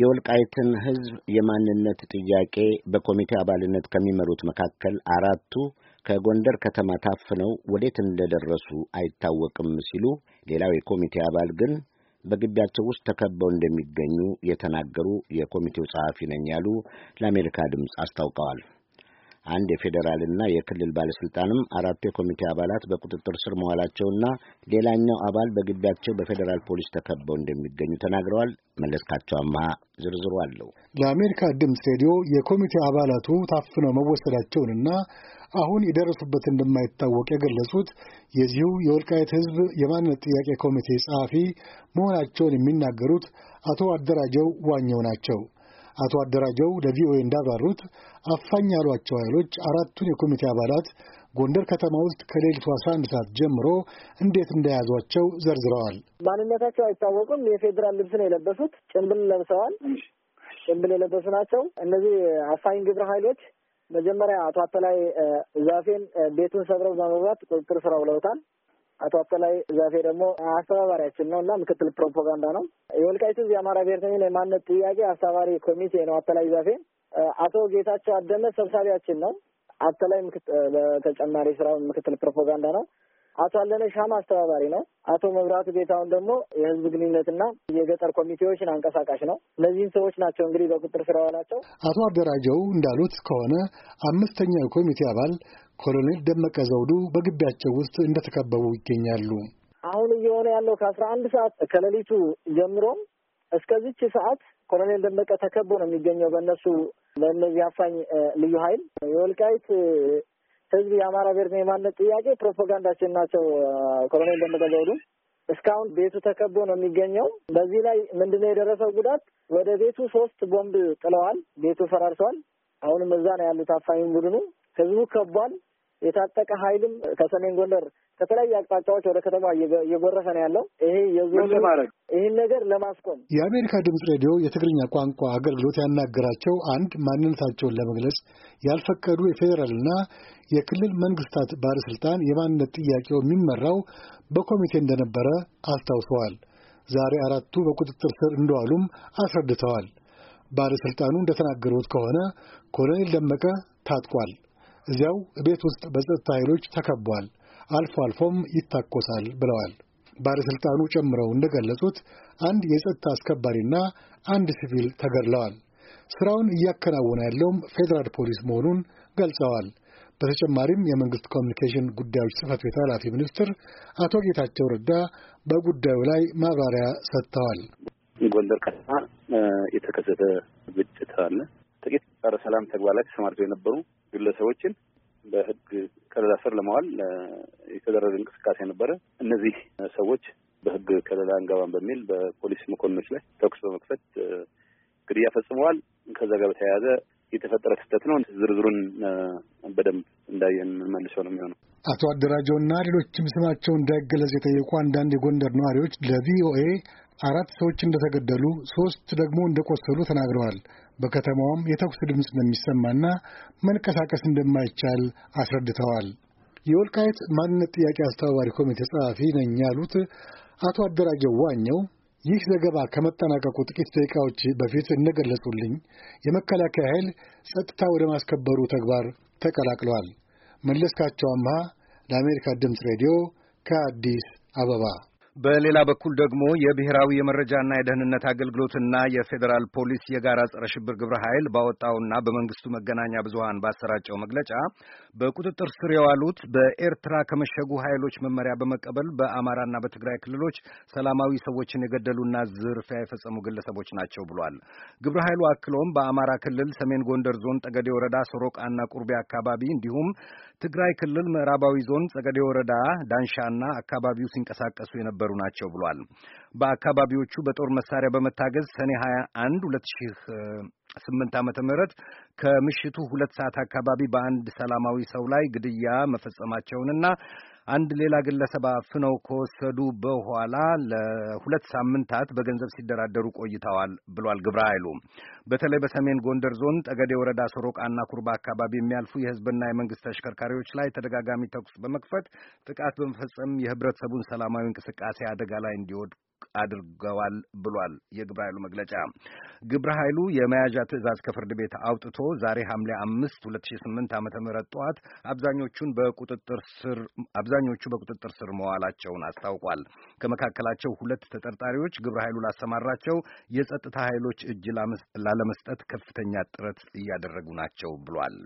የወልቃይትን ሕዝብ የማንነት ጥያቄ በኮሚቴ አባልነት ከሚመሩት መካከል አራቱ ከጎንደር ከተማ ታፍነው ወዴት እንደደረሱ አይታወቅም ሲሉ፣ ሌላው የኮሚቴ አባል ግን በግቢያቸው ውስጥ ተከበው እንደሚገኙ የተናገሩ የኮሚቴው ጸሐፊ ነኝ ያሉ ለአሜሪካ ድምፅ አስታውቀዋል። አንድ የፌዴራልና የክልል ባለስልጣንም አራቱ የኮሚቴ አባላት በቁጥጥር ስር መዋላቸውና ሌላኛው አባል በግቢያቸው በፌዴራል ፖሊስ ተከበው እንደሚገኙ ተናግረዋል። መለስካቸው ዝርዝሩ አለው። ለአሜሪካ ድምፅ ሬዲዮ የኮሚቴ አባላቱ ታፍነው መወሰዳቸውንና አሁን የደረሱበት እንደማይታወቅ የገለጹት የዚሁ የወልቃየት ሕዝብ የማንነት ጥያቄ ኮሚቴ ጸሐፊ መሆናቸውን የሚናገሩት አቶ አደራጀው ዋኘው ናቸው። አቶ አደራጀው ለቪኦኤ እንዳብራሩት አፋኝ ያሏቸው ኃይሎች አራቱን የኮሚቴ አባላት ጎንደር ከተማ ውስጥ ከሌሊቱ 11 ሰዓት ጀምሮ እንዴት እንደያዟቸው ዘርዝረዋል። ማንነታቸው አይታወቁም። የፌዴራል ልብስ ነው የለበሱት። ጭንብል ለብሰዋል። ጭንብል የለበሱ ናቸው። እነዚህ አፋኝ ግብረ ኃይሎች መጀመሪያ አቶ አተላይ ዛፌን ቤቱን ሰብረው በመግባት ቁጥጥር ስር ውለውታል። አቶ አጠላይ ዛፌ ደግሞ አስተባባሪያችን ነው እና ምክትል ፕሮፓጋንዳ ነው። የወልቃይቱ የአማራ ብሔርተኝነት የማንነት ጥያቄ አስተባባሪ ኮሚቴ ነው አጠላይ ዛፌ። አቶ ጌታቸው አደመ ሰብሳቢያችን ነው። አጠላይ ለተጨማሪ ስራ ምክትል ፕሮፓጋንዳ ነው። አቶ አለነ ሻማ አስተባባሪ ነው። አቶ መብራቱ ቤታውን ደግሞ የህዝብ ግንኙነትና የገጠር ኮሚቴዎችን አንቀሳቃሽ ነው። እነዚህን ሰዎች ናቸው እንግዲህ በቁጥር ስራ ናቸው። አቶ አደራጀው እንዳሉት ከሆነ አምስተኛው ኮሚቴ አባል ኮሎኔል ደመቀ ዘውዱ በግቢያቸው ውስጥ እንደተከበቡ ይገኛሉ። አሁን እየሆነ ያለው ከአስራ አንድ ሰዓት ከሌሊቱ ጀምሮም እስከዚች ሰዓት ኮሎኔል ደመቀ ተከቦ ነው የሚገኘው በእነሱ ለእነዚህ አፋኝ ልዩ ኃይል የወልቃይት ህዝብ የአማራ ብሔር የማንነት ጥያቄ ፕሮፓጋንዳችን ናቸው ኮሎኔል ደመቀ ዘውዱ። እስካሁን ቤቱ ተከቦ ነው የሚገኘው። በዚህ ላይ ምንድነው የደረሰው ጉዳት? ወደ ቤቱ ሶስት ቦምብ ጥለዋል። ቤቱ ፈራርሷል። አሁንም እዛ ነው ያሉት አፋኝ ቡድኑ። ህዝቡ ከቧል። የታጠቀ ኃይልም ከሰሜን ጎንደር ከተለያዩ አቅጣጫዎች ወደ ከተማ እየጎረፈ ነው ያለው። ይሄ ማድረግ ይህን ነገር ለማስቆም የአሜሪካ ድምፅ ሬዲዮ የትግርኛ ቋንቋ አገልግሎት ያናገራቸው አንድ ማንነታቸውን ለመግለጽ ያልፈቀዱ የፌዴራልና የክልል መንግስታት ባለስልጣን የማንነት ጥያቄው የሚመራው በኮሚቴ እንደነበረ አስታውሰዋል። ዛሬ አራቱ በቁጥጥር ስር እንደዋሉም አስረድተዋል። ባለሥልጣኑ እንደተናገሩት ከሆነ ኮሎኔል ደመቀ ታጥቋል። እዚያው ቤት ውስጥ በጸጥታ ኃይሎች ተከቧል። አልፎ አልፎም ይታኮሳል ብለዋል። ባለሥልጣኑ ጨምረው እንደገለጹት አንድ የጸጥታ አስከባሪና አንድ ሲቪል ተገድለዋል። ሥራውን እያከናወነ ያለውም ፌዴራል ፖሊስ መሆኑን ገልጸዋል። በተጨማሪም የመንግስት ኮሚኒኬሽን ጉዳዮች ጽህፈት ቤት ኃላፊ ሚኒስትር አቶ ጌታቸው ረዳ በጉዳዩ ላይ ማብራሪያ ሰጥተዋል። ጎንደር ከተማ የተከሰተ ግጭት አለ። ጥቂት ጸረ ሰላም ተግባር ላይ ተሰማርተው የነበሩ ግለሰቦችን በህግ ከለላ ስር ለመዋል የተደረገ እንቅስቃሴ ነበረ። እነዚህ ሰዎች በህግ ከለላ እንገባን በሚል በፖሊስ መኮንኖች ላይ ተኩስ በመክፈት ግድያ ፈጽመዋል። ከዛ ጋር በተያያዘ የተፈጠረ ክስተት ነው። ዝርዝሩን በደንብ እንዳየን መልሰው ነው የሚሆነው። አቶ አደራጀውና ሌሎችም ስማቸው እንዳይገለጽ የጠየቁ አንዳንድ የጎንደር ነዋሪዎች ለቪኦኤ አራት ሰዎች እንደተገደሉ፣ ሦስት ደግሞ እንደቆሰሉ ተናግረዋል። በከተማዋም የተኩስ ድምፅ እንደሚሰማና መንቀሳቀስ እንደማይቻል አስረድተዋል። የወልቃየት ማንነት ጥያቄ አስተባባሪ ኮሚቴ ጸሐፊ ነኝ ያሉት አቶ አደራጀው ዋኘው ይህ ዘገባ ከመጠናቀቁ ጥቂት ደቂቃዎች በፊት እንደገለጹልኝ የመከላከያ ኃይል ጸጥታ ወደ ማስከበሩ ተግባር ተቀላቅለዋል። መለስካቸው አምሃ ለአሜሪካ ድምፅ ሬዲዮ ከአዲስ አበባ በሌላ በኩል ደግሞ የብሔራዊ የመረጃና የደህንነት አገልግሎትና የፌዴራል ፖሊስ የጋራ ጸረ ሽብር ግብረ ኃይል ባወጣውና በመንግስቱ መገናኛ ብዙሃን ባሰራጨው መግለጫ በቁጥጥር ስር የዋሉት በኤርትራ ከመሸጉ ኃይሎች መመሪያ በመቀበል በአማራና በትግራይ ክልሎች ሰላማዊ ሰዎችን የገደሉና ዝርፊያ የፈጸሙ ግለሰቦች ናቸው ብሏል። ግብረ ኃይሉ አክሎም በአማራ ክልል ሰሜን ጎንደር ዞን ጠገዴ ወረዳ ሶሮቃና ቁርቤ አካባቢ እንዲሁም ትግራይ ክልል ምዕራባዊ ዞን ጸገዴ ወረዳ ዳንሻና አካባቢው ሲንቀሳቀሱ የነበ የነበሩ ናቸው ብሏል። በአካባቢዎቹ በጦር መሳሪያ በመታገዝ ሰኔ 21 2000 ስምንት ዓመተ ምህረት ከምሽቱ ሁለት ሰዓት አካባቢ በአንድ ሰላማዊ ሰው ላይ ግድያ መፈጸማቸውንና አንድ ሌላ ግለሰብ አፍነው ከወሰዱ በኋላ ለሁለት ሳምንታት በገንዘብ ሲደራደሩ ቆይተዋል ብሏል ግብረ ኃይሉ። በተለይ በሰሜን ጎንደር ዞን ጠገዴ ወረዳ ሶሮቃና ኩርባ አካባቢ የሚያልፉ የሕዝብና የመንግስት ተሽከርካሪዎች ላይ ተደጋጋሚ ተኩስ በመክፈት ጥቃት በመፈጸም የህብረተሰቡን ሰላማዊ እንቅስቃሴ አደጋ ላይ እንዲወድቅ አድርገዋል ብሏል የግብረ ኃይሉ መግለጫ። ግብረ ኃይሉ የመያዣ ትዕዛዝ ከፍርድ ቤት አውጥቶ ዛሬ ሐምሌ አምስት ሁለት ሺ ስምንት ዓመተ ምህረት ጠዋት አብዛኞቹን በቁጥጥር ስር አብዛኞቹ በቁጥጥር ስር መዋላቸውን አስታውቋል። ከመካከላቸው ሁለት ተጠርጣሪዎች ግብረ ኃይሉ ላሰማራቸው የጸጥታ ኃይሎች እጅ ላለመስጠት ከፍተኛ ጥረት እያደረጉ ናቸው ብሏል።